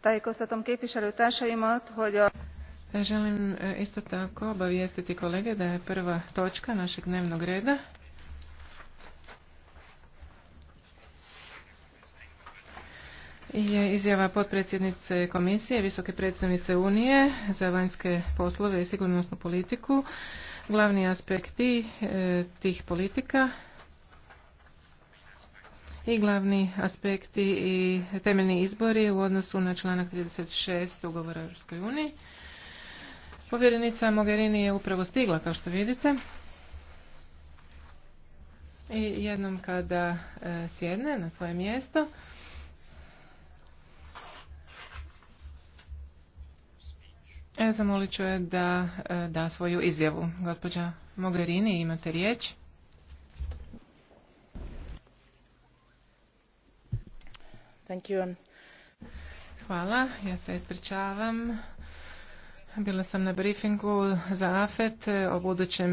tájékoztatom képviselőtársaimat hogy a Želim e, isto tako obavijestiti kolege da je prva točka našeg dnevnog reda je izjava potpredsjednice komisije, visoke predsjednice Unije za vanjske poslove i sigurnosnu politiku, glavni aspekti e, tih politika i glavni aspekti i temeljni izbori u odnosu na članak 36 ugovora Europskoj uniji. Povjerenica Mogherini je upravo stigla, kao što vidite. I jednom kada e, sjedne na svoje mjesto, e, zamolit ću je da e, da svoju izjavu. Gospođa Mogherini, imate riječ. Thank Hvala, ja se ispričavam. Bila sam na briefingu za AFET o budućem